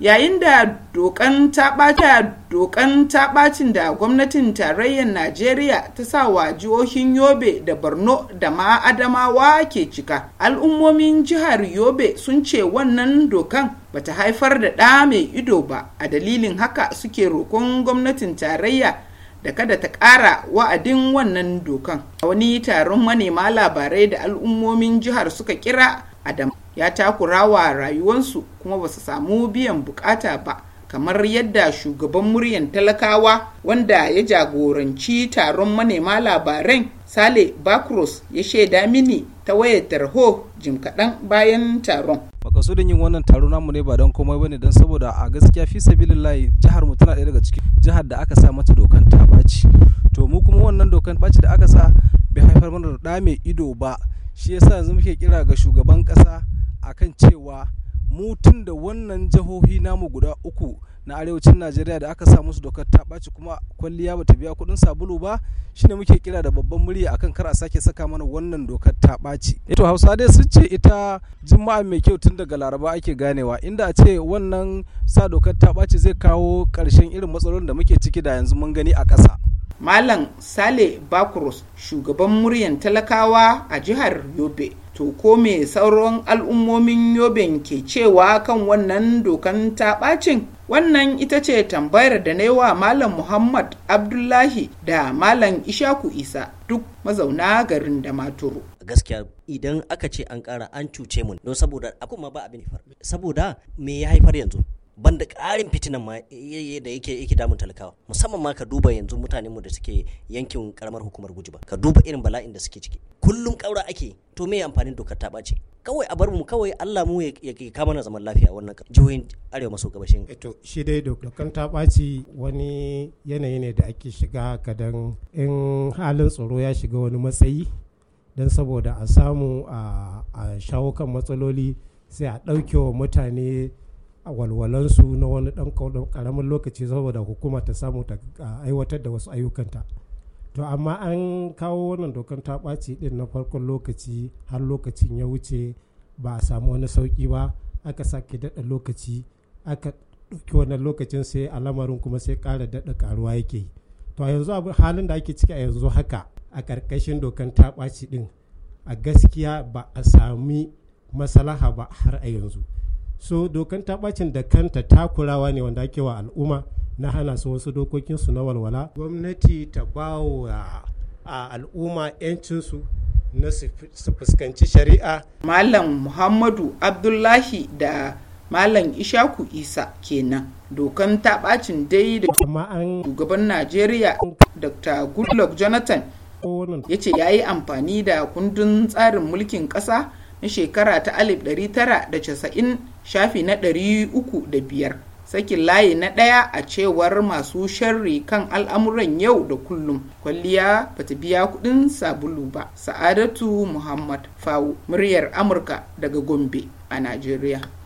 yayin da dokan ta tabacin da gwamnatin tarayyar najeriya ta sa wa jihohin yobe da borno da ma adamawa ke cika al'ummomin jihar yobe sun ce wannan dokan bata haifar da ɗa mai ido ba a dalilin haka suke roƙon gwamnatin tarayya da kada ta ƙara wa'adin wannan dokan a wani taron manema labarai da al'ummomin jihar suka kira adam ya takura wa rayuwansu kuma ba su samu biyan bukata ba kamar yadda shugaban muryan talakawa wanda ya jagoranci taron manema labaran sale bakros ya shaida mini ta wayar tarho jim kaɗan bayan taron makasudin yin wannan taro namu ne ba don komai bane don saboda a gaskiya fi sabilillahi jihar mu tana ɗaya daga cikin jihar da aka sa mata dokan ta baci to mu kuma wannan dokan baci da aka sa bai haifar mana da ɗa mai ido ba shi yasa yanzu muke kira ga shugaban ƙasa akan cewa mutum da wannan jihohi namu guda uku na arewacin najeriya da aka sa musu dokar ta ɓaci kuma kwalliya bata biya kuɗin sabulu ba shine muke kira da babban murya akan kar a sake saka mana wannan dokar ta ɓaci eh to hausa dai sun ce ita juma'a mai kyau tun daga laraba ake ganewa inda a ce wannan sa dokar ta ɓaci zai kawo ƙarshen irin matsalolin da muke ciki da yanzu mun gani a ƙasa Malam Sale bakros shugaban muryan talakawa a jihar Yobe. To ko me sauran al'ummomin Yoben ke cewa kan wannan dokan ta ɓacin? Wannan ita ce tambayar da na yi wa Malam Muhammad Abdullahi da Malam Ishaku Isa duk mazauna garin da maturu. Gaskiya idan aka ce an ƙara an cuce mun don saboda akwai ma ba abin Saboda me ya haifar yanzu? banda ƙarin fitinan ma da yake yake damun talakawa musamman ma ka duba yanzu mutanen mu da suke yankin karamar hukumar gujiba ka duba irin bala'in da suke ciki kullum ƙaura ake to me amfanin dokar ta bace kawai a bar mu kawai Allah mu ya kama na zaman lafiya wannan jihohin arewa maso gabashin eh to shi dai dokar ta bace wani yanayi ne da ake shiga kadan in halin tsaro ya shiga wani matsayi don saboda a samu a shawo kan matsaloli sai a ɗauke wa mutane A walwalansu na wani ɗan ƙaramin lokaci saboda hukuma ta samu ta aiwatar da wasu ayyukanta to amma an kawo wannan dokan ta ɓaci ɗin na farkon lokaci har lokacin ya wuce ba a samu wani sauƙi ba aka sake daɗa lokaci aka ɗauki wannan lokacin sai a lamarin kuma sai ƙara daɗa ƙaruwa yake to a yanzu halin da ake ciki a yanzu haka a ƙarƙashin dokan ta ɓaci din a gaskiya ba a sami masalaha ba har a yanzu so dokan ta bacin da kanta takurawa ne wanda ake wa al'umma na hana su wasu dokokinsu na walwala gwamnati ta ba wa al'umma 'yancinsu na su fuskanci shari'a malam muhammadu abdullahi da malam ishaku isa kenan dokan ta bacin dai da shugaban najeriya dr goodluck jonathan ya ce ya yi amfani da kundin tsarin mulkin ƙasa na shekara ta 1990 shafi na 305 sakin layi na ɗaya a cewar masu sharri kan al'amuran yau da kullum kwalliya ba ta biya kuɗin sabulu ba sa'adatu muhammad fawo muryar amurka daga gombe a najeriya